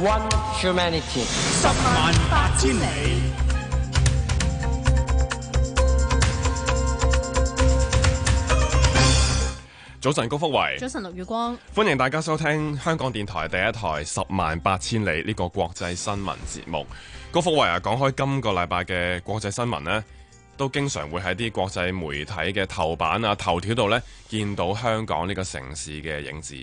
One humanity。十萬八千里。早晨，高福慧。早晨，六月光。歡迎大家收聽香港電台第一台《十萬八千里》呢個國際新聞節目。高福慧啊，講開今個禮拜嘅國際新聞咧、啊，都經常會喺啲國際媒體嘅頭版啊、頭條度呢見到香港呢個城市嘅影子。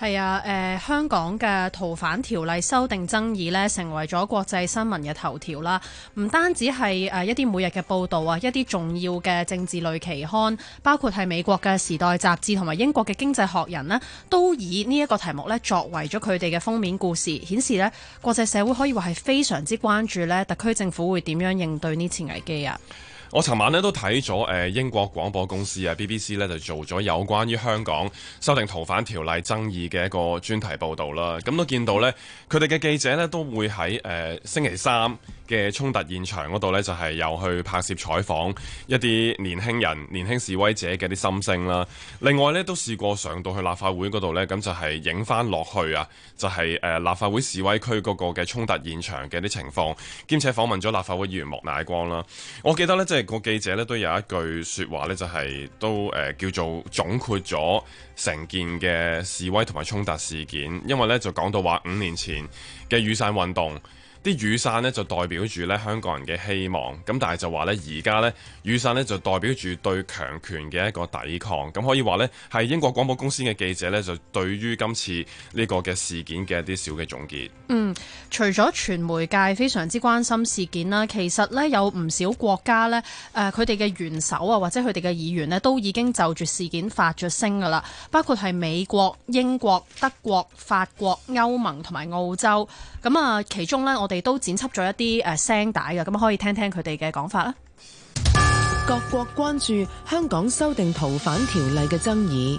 係啊，誒、呃、香港嘅逃犯條例修訂爭議呢成為咗國際新聞嘅頭條啦。唔單止係誒一啲每日嘅報道啊，一啲重要嘅政治類期刊，包括係美國嘅《時代》雜誌同埋英國嘅《經濟學人》呢，都以呢一個題目呢作為咗佢哋嘅封面故事，顯示呢國際社會可以話係非常之關注呢特區政府會點樣應對呢次危機啊。我尋晚咧都睇咗誒英國廣播公司啊 BBC 咧就做咗有關於香港修訂逃犯條例爭議嘅一個專題報導啦，咁、嗯、都見到咧，佢哋嘅記者咧都會喺誒、呃、星期三嘅衝突現場嗰度呢，就係又去拍攝採訪一啲年輕人、年輕示威者嘅啲心聲啦。另外呢，都試過上到去立法會嗰度呢，咁就係影翻落去啊，就係誒立法會示威區嗰個嘅衝突現場嘅啲情況，兼且訪問咗立法會議員莫乃光啦。我記得呢，即係個記者呢，都有一句説話呢，就係都誒叫做總括咗成件嘅示威同埋衝突事件，因為呢，就講到話五年前嘅雨傘運動。啲雨傘呢就代表住呢香港人嘅希望，咁但係就話呢而家呢雨傘呢就代表住對強權嘅一個抵抗，咁可以話呢，係英國廣播公司嘅記者呢，就對於今次呢個嘅事件嘅一啲小嘅總結，嗯，除咗傳媒界非常之關心事件啦，其實呢有唔少國家呢誒佢哋嘅元首啊或者佢哋嘅議員呢都已經就住事件發咗聲噶啦，包括係美國英國德國法國歐盟同埋澳洲。咁、嗯、啊，其中呢。我。都剪輯咗一啲誒聲帶嘅，咁可以聽聽佢哋嘅講法啦。各國關注香港修訂逃犯條例嘅爭議。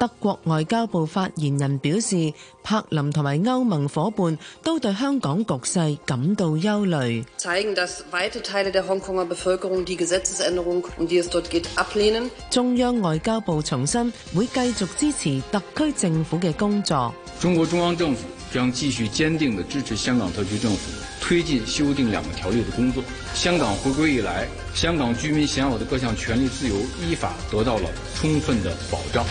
德國外交部發言人表示，柏林同埋歐盟伙伴都對香港局勢感到憂慮。中央外交部重申，會繼續支持特區政府嘅工作。中國中央政府將繼續堅定地支持香港特區政府推進修訂兩個條例的工作。香港回歸以來，香港居民享有的各項權利自由依法得到了充分的保障。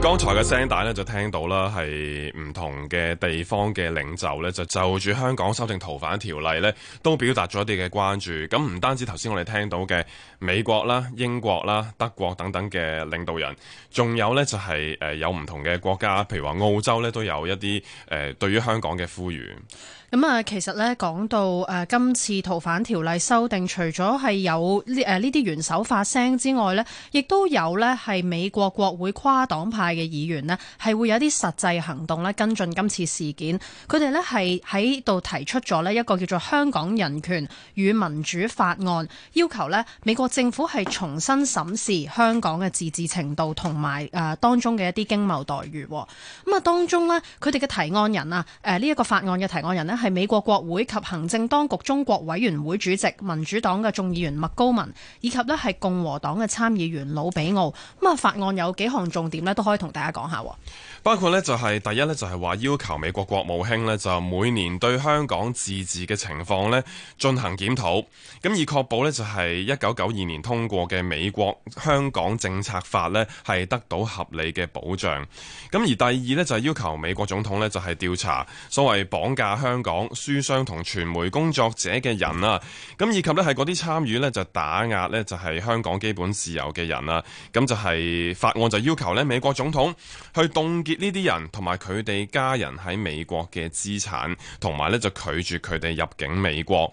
剛才嘅聲帶咧就聽到啦，係唔同嘅地方嘅領袖咧就就住香港修訂逃犯條例咧，都表達咗一啲嘅關注。咁唔單止頭先我哋聽到嘅美國啦、英國啦、德國等等嘅領導人，仲有呢，就係誒有唔同嘅國家，譬如話澳洲咧都有一啲誒對於香港嘅呼籲。咁啊，其實咧講到誒今次逃犯條例修訂除咗係有呢誒呢啲元首發聲之外咧，亦都有咧係美國國會跨黨派嘅議員咧，係會有啲實際行動咧跟進今次事件。佢哋咧係喺度提出咗咧一個叫做《香港人權與民主法案》，要求咧美國政府係重新審視香港嘅自治程度同埋誒當中嘅一啲經貿待遇。咁啊，當中咧佢哋嘅提案人啊，誒呢一個法案嘅提案人咧。係美國國會及行政當局中國委員會主席、民主黨嘅眾議員麥高文，以及咧係共和黨嘅參議員魯比奧。咁啊，法案有幾項重點咧，都可以同大家講下。包括咧就係、是、第一咧就係話要求美國國務卿咧就每年對香港自治嘅情況咧進行檢討，咁以確保咧就係一九九二年通過嘅美國香港政策法咧係得到合理嘅保障。咁而第二咧就係要求美國總統咧就係調查所謂綁架香港。講書商同傳媒工作者嘅人啊，咁以及咧係嗰啲參與咧就打壓呢就係香港基本自由嘅人啊，咁就係法案就要求呢美國總統去凍結呢啲人同埋佢哋家人喺美國嘅資產，同埋呢就拒絕佢哋入境美國。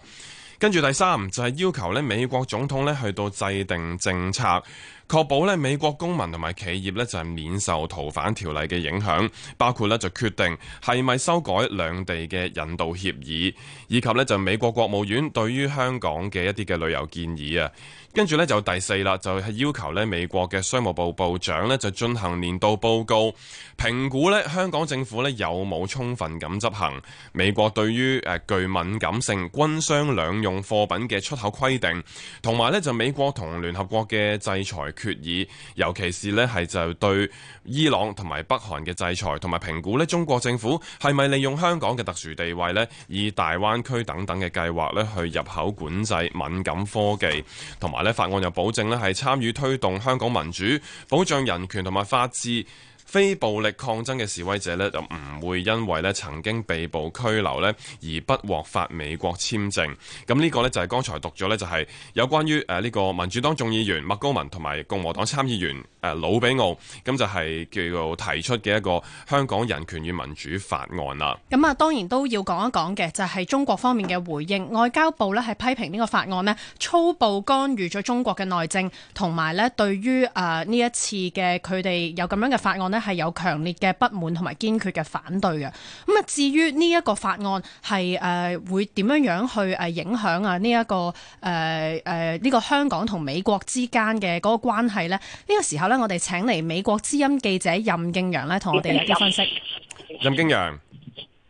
跟住第三就係要求呢美國總統咧去到制定政策。確保咧美國公民同埋企業咧就係免受逃犯條例嘅影響，包括咧就決定係咪修改兩地嘅引渡協議，以及咧就美國國務院對於香港嘅一啲嘅旅遊建議啊，跟住咧就第四啦，就係要求咧美國嘅商務部部長咧就進行年度報告，評估咧香港政府咧有冇充分咁執行美國對於誒具敏感性軍商兩用貨品嘅出口規定，同埋咧就美國同聯合國嘅制裁。決議，尤其是呢，係就對伊朗同埋北韓嘅制裁，同埋評估呢中國政府係咪利用香港嘅特殊地位，呢以大灣區等等嘅計劃，呢去入口管制敏感科技，同埋呢法案又保證，呢係參與推動香港民主、保障人權同埋法治。非暴力抗爭嘅示威者呢，就唔會因為呢曾經被捕拘留呢而不獲發美國簽證，咁呢個呢，就係、是、剛才讀咗呢就係、是、有關於誒呢、呃呢個民主黨眾議員麥高文同埋共和黨參議員。老比奧咁就係叫做提出嘅一個香港人權與民主法案啦。咁啊，當然都要講一講嘅，就係、是、中國方面嘅回應。外交部咧係批評呢個法案咧粗暴干預咗中國嘅內政，同埋咧對於誒呢一次嘅佢哋有咁樣嘅法案咧係有強烈嘅不滿同埋堅決嘅反對嘅。咁、嗯、啊，至於呢一個法案係誒、呃、會點樣樣去誒影響啊呢一個誒誒呢個香港同美國之間嘅嗰個關係咧？呢、這個時候咧。我哋請嚟，美國之音記者任敬揚咧，同我哋一啲分析。任敬揚，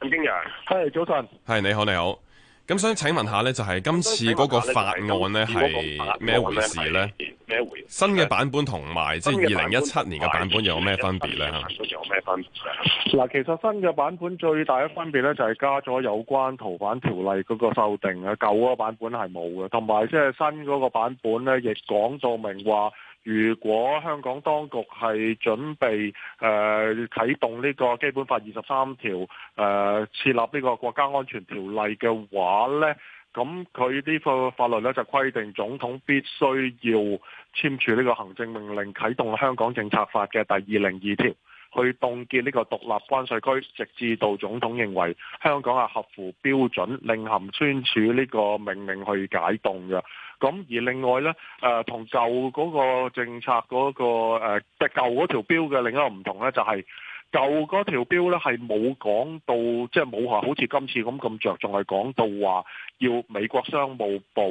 任敬揚，係早晨，係你好，你好。咁想請問下咧，就係、是、今次嗰個法案咧係咩回事咧？咩回事？回事新嘅版本同埋即係二零一七年嘅版、版本有咩分別咧？吓，嗱，其實新嘅版本最大嘅分別咧，就係加咗有關逃犯條例嗰個修訂啊，舊個版本係冇嘅，同埋即係新嗰個版本咧，亦講到明話。如果香港當局係準備誒、呃、啟動呢個基本法二十三條誒設立呢個國家安全條例嘅話呢，咁佢呢個法律咧，就規定總統必須要簽署呢個行政命令，啟動香港政策法嘅第二零二條，去凍結呢個獨立關稅區，直至到總統認為香港係合乎標準，另行簽署呢個命令去解凍嘅。咁而另外咧，誒、呃，同舊嗰個政策嗰、嗰個誒即係舊嗰條標嘅另一個唔同咧，就係、是。舊嗰條標咧係冇講到，即係冇話好似今次咁咁着重，係講到話要美國商務部，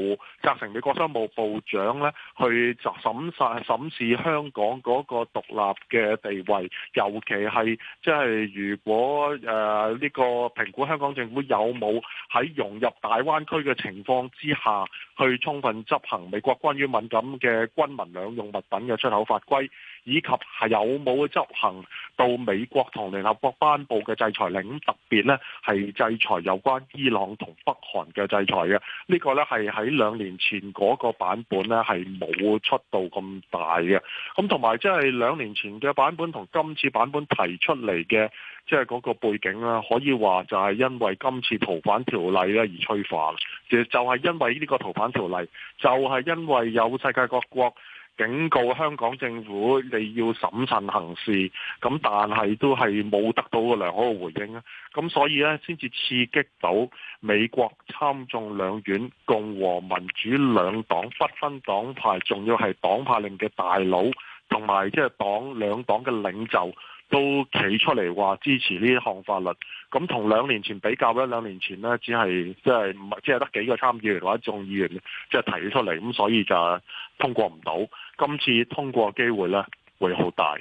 責成美國商務部長咧去審曬審視香港嗰個獨立嘅地位，尤其係即係如果誒呢、呃呢個評估香港政府有冇喺融入大灣區嘅情況之下去充分執行美國關於敏感嘅軍民兩用物品嘅出口法規，以及係有冇去執行到美國同聯合國頒布嘅制裁令，特別咧係制裁有關伊朗同北韓嘅制裁嘅。這個、呢個咧係喺兩年前嗰個版本咧係冇出到咁大嘅。咁同埋即係兩年前嘅版本同今次版本提出嚟嘅，即係嗰個背景咧，可以話就係因為今次逃犯條例咧而催化。其實就係、是、因為呢個逃犯條例，就係、是、因為有世界各國。警告香港政府你要審慎行事，咁但係都係冇得到個良好嘅回應啊！咁所以咧，先至刺激到美國參眾兩院共和民主兩黨不分黨派，仲要係黨派令嘅大佬同埋即係黨兩黨嘅領袖都企出嚟話支持呢一項法律。咁同兩年前比較咧，兩年前咧只係即係唔係即係得幾個參議員或者眾議員即係提出嚟，咁所以就通過唔到。今次通過機會咧，會好大。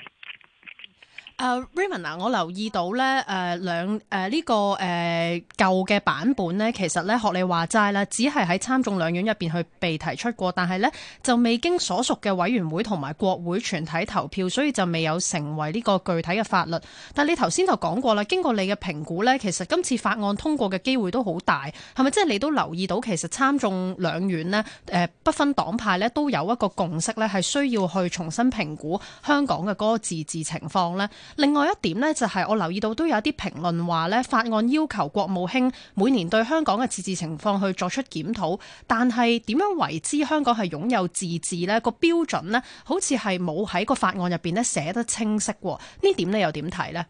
誒、uh, Raymond、啊、我留意到咧，誒兩誒呢個誒、呃、舊嘅版本咧，其實咧學你話齋啦，只係喺參眾兩院入邊去被提出過，但係呢就未經所屬嘅委員會同埋國會全體投票，所以就未有成為呢個具體嘅法律。但係你頭先就講過啦，經過你嘅評估呢，其實今次法案通過嘅機會都好大，係咪？即係你都留意到，其實參眾兩院呢，誒、呃、不分黨派呢，都有一個共識呢，係需要去重新評估香港嘅嗰個自治情況呢。另外一點呢，就係我留意到都有啲評論話呢法案要求國務卿每年對香港嘅自治情況去作出檢討，但係點樣為之香港係擁有自治呢個標準呢？好似係冇喺個法案入邊呢寫得清晰。呢點你又點睇呢？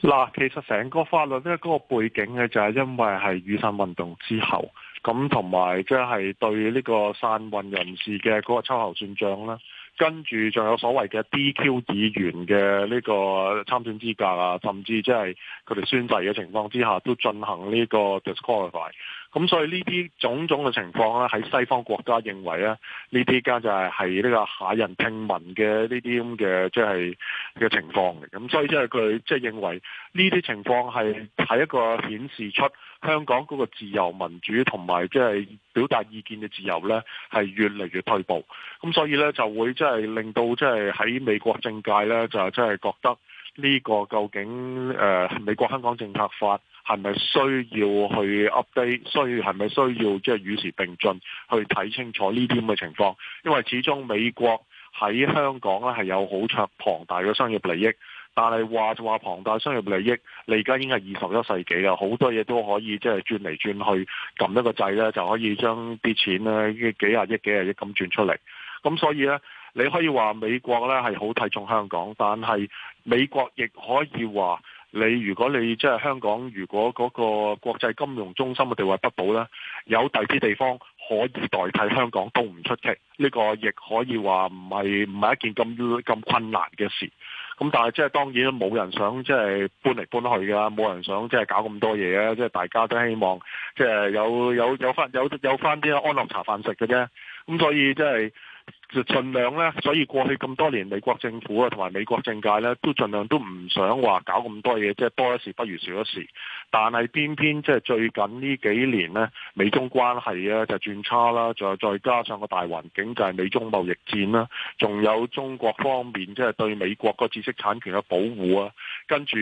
嗱，其實成個法律呢嗰個背景嘅就係因為係雨傘運動之後，咁同埋即係對呢個散運人士嘅嗰個秋後算賬啦。跟住仲有所謂嘅 DQ 議員嘅呢個參選資格啊，甚至即係佢哋宣誓嘅情況之下，都進行呢個 disqualify 咁，所以呢啲種種嘅情況咧、啊，喺西方國家認為咧，呢啲家就係係呢個下人聽聞嘅呢啲咁嘅即係嘅情況嘅，咁所以即係佢即係認為呢啲情況係係一個顯示出。香港嗰個自由民主同埋即係表達意見嘅自由呢，係越嚟越退步。咁所以呢，就會即係令到即係喺美國政界呢，就即係覺得呢個究竟誒美國香港政策法係咪需要去 update？需要係咪需要即係與時並進去睇清楚呢啲咁嘅情況？因為始終美國喺香港呢，係有好卓龐大嘅商業利益。但係話就話龐大商業利益，你而家已經係二十一世紀啦，好多嘢都可以即係轉嚟轉去撳一個掣咧，就可以將啲錢咧幾廿億、幾廿億咁轉出嚟。咁所以咧，你可以話美國咧係好睇重香港，但係美國亦可以話你，如果你即係香港，如果嗰個國際金融中心嘅地位不保咧，有第啲地方可以代替香港都唔出奇。呢個亦可以話唔係唔係一件咁咁困難嘅事。咁但係即係當然都冇人想即係搬嚟搬去㗎喇，冇人想即係搞咁多嘢嘅，即係大家都希望即係有有有返有有返啲安樂茶飯食嘅啫，咁所以即係。就盡量咧，所以過去咁多年，美國政府啊同埋美國政界咧，都盡量都唔想話搞咁多嘢，即係多一事不如少一事。但係偏偏即係、就是、最近呢幾年呢，美中關係啊就轉差啦，仲有再加上個大環境就係美中貿易戰啦，仲有中國方面即係、就是、對美國個知識產權嘅保護啊，跟住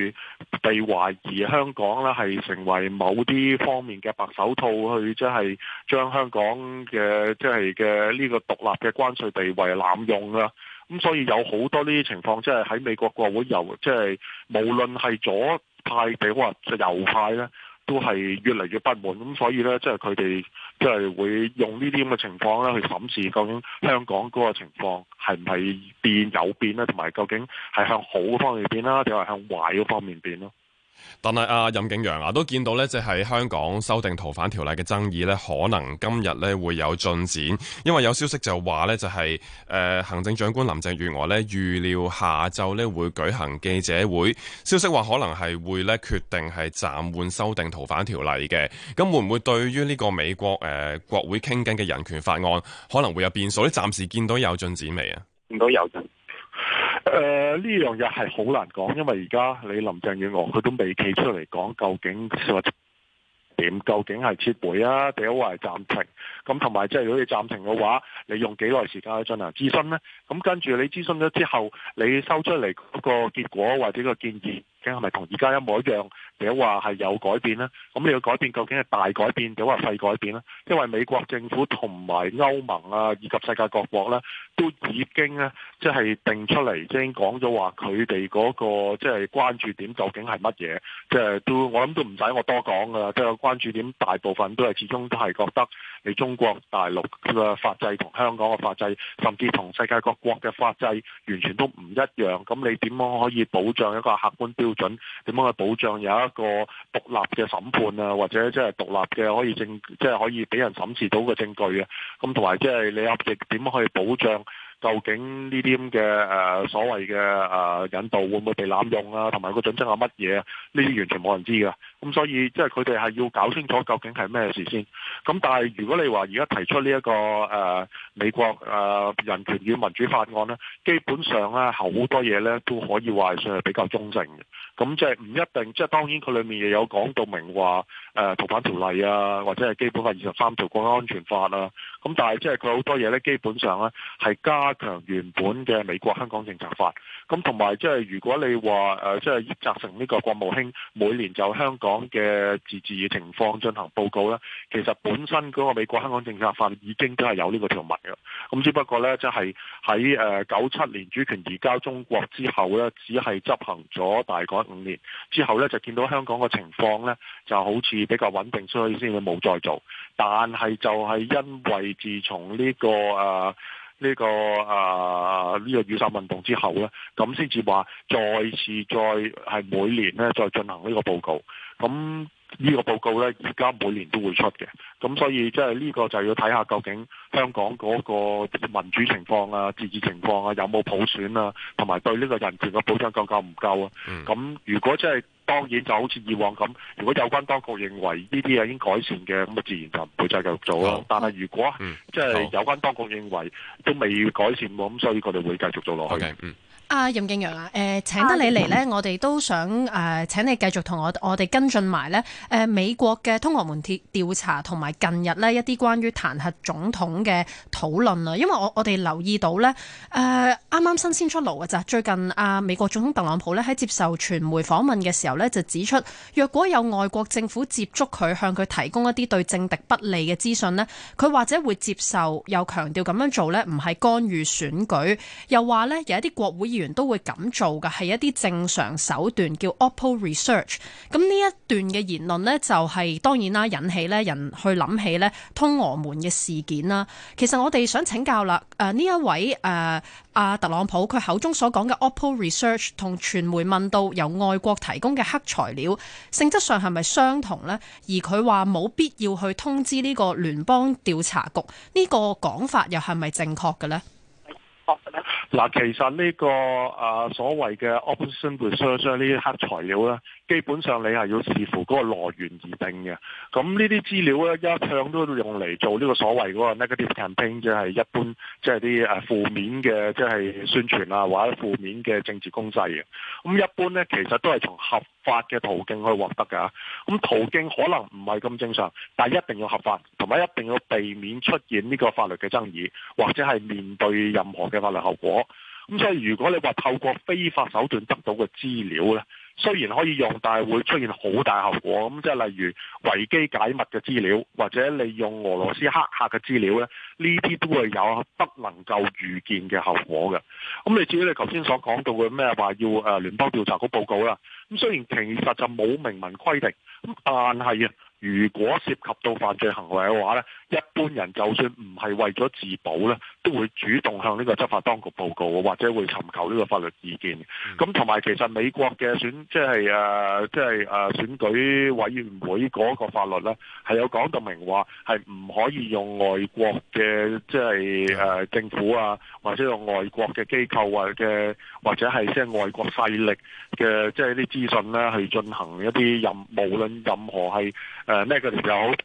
被懷疑香港呢係成為某啲方面嘅白手套去即係將香港嘅即係嘅呢個獨立嘅關稅地位被濫用啦，咁、嗯、所以有好多呢啲情況，即係喺美國國會又即係無論係左派譬如話右派咧，都係越嚟越不滿，咁、嗯、所以咧，即係佢哋即係會用呢啲咁嘅情況咧去審視究竟香港嗰個情況係唔係變有變咧，同埋究竟係向好方，向好方面變啦，定係向壞方面變咯？但係阿、啊、任敬揚啊，都見到呢，即、就、係、是、香港修訂逃犯條例嘅爭議呢，可能今日呢會有進展，因為有消息就話呢，就係、是、誒、呃、行政長官林鄭月娥呢預料下晝呢會舉行記者會，消息話可能係會呢決定係暫緩修訂逃犯條例嘅，咁會唔會對於呢個美國誒、呃、國會傾緊嘅人權法案可能會有變數？你暫時見到有進展未啊？見到有進。誒，呢樣嘢係好難講，因爲而家你林鄭月娥佢都未企出嚟講，究竟點？究竟係撤回啊，定係暫停？咁同埋即係如果你暫停嘅話，你用幾耐時間去進行諮詢呢？咁、嗯、跟住你諮詢咗之後，你收出嚟嗰個結果或者個建議，佢係咪同而家一模一樣？點話係有改變咧？咁、嗯、你要改變，究竟係大改變，定話細改變咧？因為美國政府同埋歐盟啊，以及世界各國咧，都已經咧、啊，即、就、係、是、定出嚟，已經講咗話，佢哋嗰個即係關注點究竟係乜嘢？即、就、係、是、都我諗都唔使我多講噶啦。即、就、係、是、個關注點，大部分都係始終都係覺得你中國大陸嘅法制同香港嘅法制，甚至同世界各國嘅法制，完全都唔一樣。咁你點樣可以保障一個客觀標準？點樣去保障有一？一個獨立嘅審判啊，或者即係獨立嘅可以證，即、就、係、是、可以俾人審視到嘅證據啊。咁同埋即係你壓譯點去保障，究竟呢啲咁嘅誒所謂嘅誒、呃、引渡會唔會被濫用啊？同埋個準則係乜嘢啊？呢啲完全冇人知㗎，咁所以即係佢哋係要搞清楚究竟係咩事先。咁但係如果你話而家提出呢、這、一個誒、呃、美國誒、呃、人權與民主法案咧，基本上咧好多嘢咧都可以話算係比較中正嘅。咁即係唔一定，即係當然佢裏面亦有講到明話，誒逃犯條例啊，或者係基本法二十三條國家安全法啊，咁但係即係佢好多嘢咧，基本上咧係加強原本嘅美國香港政策法，咁同埋即係如果你話誒即係責成呢個國務卿每年就香港嘅自治嘅情況進行報告咧，其實本身嗰個美國香港政策法已經都係有呢個條文嘅，咁只不過咧即係喺誒九七年主權移交中國之後咧，只係執行咗大概。五年之後咧，就見到香港個情況咧，就好似比較穩定，所以先至冇再做。但係就係因為自從呢個啊呢個啊呢個雨傘運動之後咧，咁先至話再次再係每年咧再進行呢個報告咁。呢個報告呢，而家每年都會出嘅，咁所以即係呢個就要睇下究竟香港嗰個民主情況啊、自治情況啊，有冇普選啊，同埋對呢個人權嘅保障夠唔夠啊？咁、嗯、如果即、就、係、是、當然就好似以往咁，如果有關當局認為呢啲嘢已經改善嘅，咁自然就唔會再繼續做啦。好但係如果即係有關當局認為都未改善喎，咁所以佢哋會繼續做落去。Okay. Uh, 景啊，任敬揚啊，誒，請得你嚟呢。我哋都想誒，請你繼、呃、續同我我哋跟進埋呢誒，美國嘅通俄門調調查同埋近日呢一啲關於彈劾總統嘅討論啊，因為我我哋留意到呢，誒、呃，啱啱新鮮出爐嘅咋。最近啊、呃，美國總統特朗普呢喺接受傳媒訪問嘅時候呢，就指出，若果有外國政府接觸佢，向佢提供一啲對政敵不利嘅資訊呢，佢或者會接受，又強調咁樣做呢，唔係干預選舉，又話呢，有一啲國會。員都會咁做嘅，係一啲正常手段，叫 OPPO Research。咁呢一段嘅言論呢、就係，就係當然啦，引起咧人去諗起咧通俄門嘅事件啦。其實我哋想請教啦，誒、呃、呢一位誒阿、呃、特朗普，佢口中所講嘅 OPPO Research 同傳媒問到由外國提供嘅黑材料，性質上係咪相同呢？而佢話冇必要去通知呢個聯邦調查局，呢、呢個講法又係咪正確嘅呢？ 嗱，其實呢、呢個啊所謂嘅 opposition research 呢、er、啲黑材料咧，基本上你係要視乎嗰個來源而定嘅。咁呢啲資料咧，一向都用嚟做呢個所謂嗰個 negative campaign，即係一般即係啲誒負面嘅即係宣傳啊，或者負面嘅政治攻勢嘅。咁一般咧，其實都係從合法嘅途徑去獲得嘅。咁途徑可能唔係咁正常，但係一定要合法，同埋一定要避免出現呢個法律嘅爭議，或者係面對任何嘅法律後果。咁、嗯、所以如果你話透過非法手段得到嘅資料咧，雖然可以用，但係會出現好大後果。咁、嗯、即係例如維基解密嘅資料，或者利用俄羅斯黑客嘅資料咧，呢啲都係有不能夠預見嘅後果嘅。咁、嗯、你至於你頭先所講到嘅咩話要誒聯邦調查局報告啦，咁、嗯、雖然其實就冇明文規定，咁但係啊，如果涉及到犯罪行為嘅話咧。一般人就算唔係為咗自保咧，都會主動向呢個執法當局報告，或者會尋求呢個法律意見。咁同埋其實美國嘅選即係誒，即係誒選舉委員會嗰個法律咧，係有講到明話係唔可以用外國嘅即係誒政府啊，或者用外國嘅機構啊嘅，或者係即係外國勢力嘅即係啲資訊咧，去進行一啲任無論任何係誒咩嘅嘢又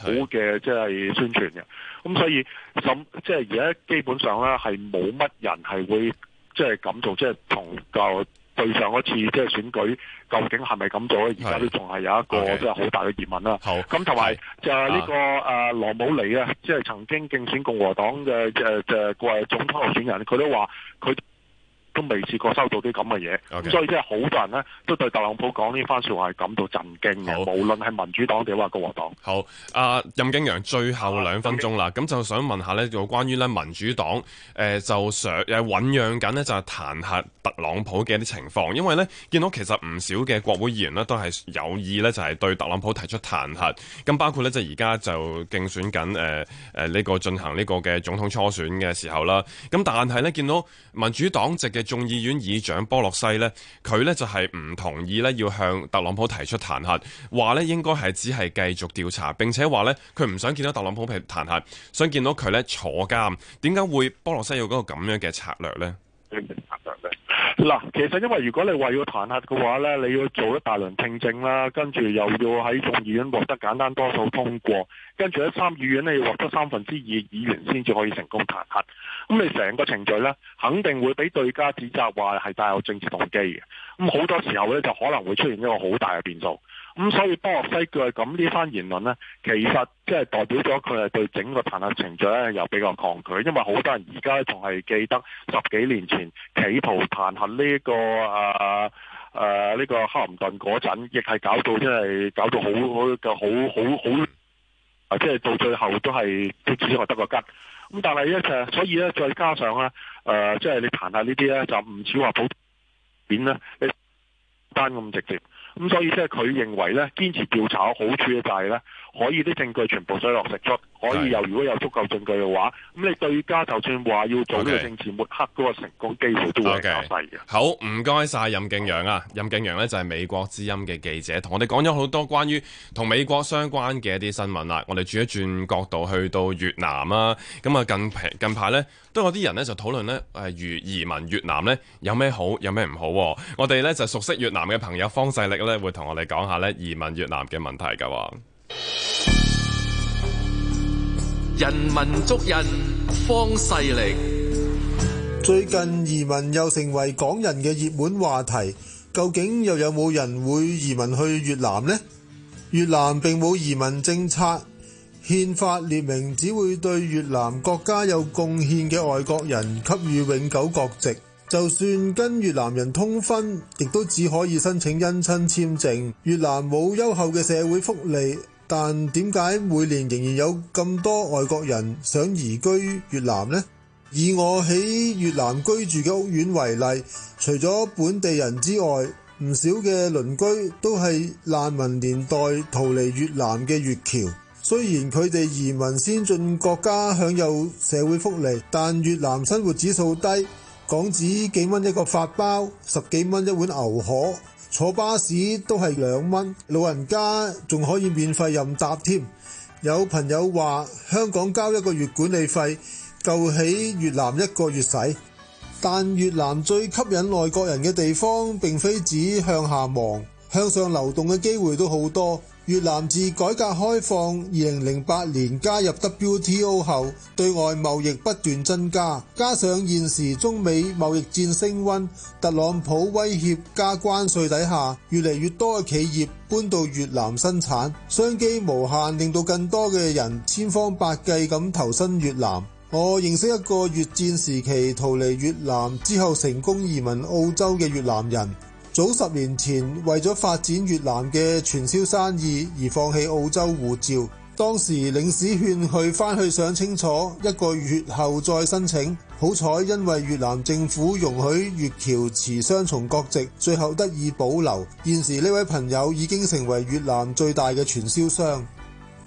好嘅，即係宣傳嘅，咁所以咁即係而家基本上咧係冇乜人係會即係咁做，即係同就對上嗰次即係選舉究竟係咪咁做咧？而家都仲係有一個即係好大嘅疑問啦。好，咁同埋就係呢個誒羅姆尼啊，即係曾經競選共和黨嘅誒誒過總統候選人，佢都話佢，都未試過收到啲咁嘅嘢，Okay. 所以即係好多人呢都對特朗普講呢番説話係感到震驚嘅。好無論係民主黨定話共和黨。好，阿、啊、任敬揚，最後兩分鐘啦，咁、啊嗯、就想問下呢就關於呢民主黨，誒就想誒醖釀緊呢，就係彈劾特朗普嘅一啲情況，因為呢見到其實唔少嘅國會議員呢都係有意呢，就係、是、對特朗普提出彈劾，咁包括呢，就而家就競選緊，誒誒呢個進行呢個嘅總統初選嘅時候啦，咁但係呢，見到民主黨籍嘅。眾議院議長波洛西呢，佢呢就係唔同意呢要向特朗普提出彈劾，話呢應該係只係繼續調查，並且話呢佢唔想見到特朗普被彈劾，想見到佢呢坐監。點解會波洛西有嗰個咁樣嘅策略呢？嗱，其實因為如果你話要彈劾嘅話咧，你要做一大輪聽證啦，跟住又要喺眾議院獲得簡單多數通過，跟住喺參議院咧要獲得三分之二議員先至可以成功彈劾，咁你成個程序咧，肯定會俾對家指責話係帶有政治動機嘅，咁好多時候咧就可能會出現一個好大嘅變數。咁、嗯、所以波洛西句咁呢番言論咧，其實即係代表咗佢係對整個彈劾程序咧又比較抗拒，因為好多人而家仲係記得十幾年前企圖彈劾呢一個誒呢、啊啊啊呢個克林頓嗰陣，亦係搞到真係搞到好好嘅。好好好啊！即、就、係、是、到最後都係都只係得個吉。咁、嗯、但係咧就所以咧，再加上咧誒，即、呃、係、就是、你彈下呢啲咧就唔似話普遍咧，單咁直接。咁、嗯、所以即係佢認為咧，堅持調查好處嘅就係咧。可以啲證據全部水落石出，可以又如果有足夠證據嘅話，咁你對家就算話要做呢個政治抹黑嗰個成功，機會都會搞嘅。Okay. 好，唔該晒任敬揚啊。任敬揚呢就係美國之音嘅記者，同我哋講咗好多關於同美國相關嘅一啲新聞啦。我哋轉一轉角度去到越南啊，咁啊近排近排呢都有啲人呢就討論呢，誒，如移民越南呢有咩好，有咩唔好？我哋呢就熟悉越南嘅朋友方世歷呢會同我哋講下呢移民越南嘅問題噶。人文足印，方世歷，最近移民又成為港人嘅熱門話題。究竟又有冇人會移民去越南呢？越南並冇移民政策，憲法列明只會對越南國家有貢獻嘅外國人給予永久國籍。就算跟越南人通婚，亦都只可以申請姻親簽證。越南冇優厚嘅社會福利。但點解每年仍然有咁多外國人想移居越南呢？以我喺越南居住嘅屋苑為例，除咗本地人之外，唔少嘅鄰居都係難民年代逃離越南嘅越僑。雖然佢哋移民先進國家享有社會福利，但越南生活指數低，港紙幾蚊一個法包，十幾蚊一碗牛河。坐巴士都係兩蚊，老人家仲可以免費任搭添。有朋友話香港交一個月管理費，夠喺越南一個月使。但越南最吸引外國人嘅地方，並非只向下望。向上流動嘅機會都好多。越南自改革開放二零零八年加入 WTO 後，對外貿易不斷增加。加上現時中美貿易戰升溫，特朗普威脅加關稅底下，越嚟越多嘅企業搬到越南生產，商機無限，令到更多嘅人千方百計咁投身越南。我認識一個越戰時期逃離越南之後成功移民澳洲嘅越南人。早十年前，為咗發展越南嘅傳銷生意而放棄澳洲護照。當時領事勸佢翻去想清楚，一個月後再申請。好彩，因為越南政府容許越僑持雙重國籍，最後得以保留。現時呢位朋友已經成為越南最大嘅傳銷商。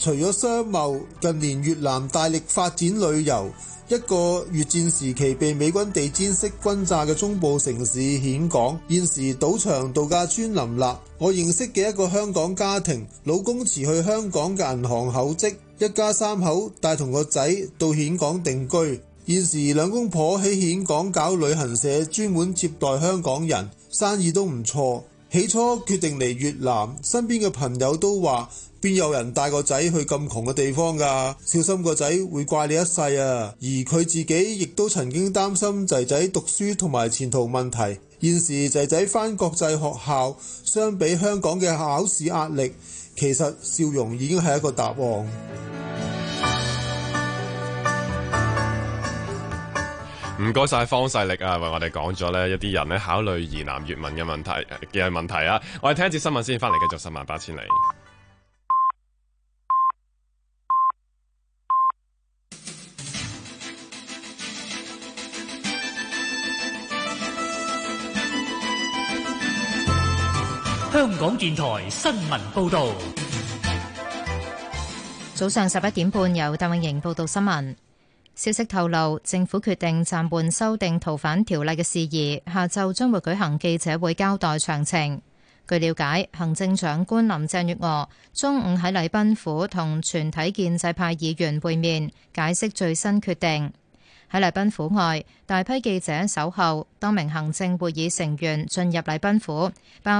除咗商貿，近年越南大力發展旅遊。一個越戰時期被美軍地氈式轟炸嘅中部城市峴港，現時賭場、度假村林立。我認識嘅一個香港家庭，老公辭去香港嘅銀行厚職，一家三口帶同個仔到峴港定居。現時兩公婆喺峴港搞旅行社，專門接待香港人，生意都唔錯。起初決定嚟越南，身邊嘅朋友都話：邊有人帶個仔去咁窮嘅地方㗎啊？小心個仔會怪你一世啊！而佢自己亦都曾經擔心仔仔讀書同埋前途問題。現時仔仔返國際學校，相比香港嘅考試壓力，其實笑容已經係一個答案。唔該晒方世歷啊，為我哋講咗呢一啲人咧，考慮移民越南嘅問題嘅問題啊！我哋聽一節新聞先，翻嚟繼續十萬八千里。香港電台新聞報道，早上十一點半由鄧穎盈報道新聞。消息透露，政府決定暫緩修訂逃犯條例嘅事宜，下晝將會舉行記者會交代詳情。據了解，行政長官林鄭月娥中午喺禮賓府同全體建制派議員會面，解釋最新決定。喺禮賓府外，大批記者守候，多名行政會議成員進入禮賓府。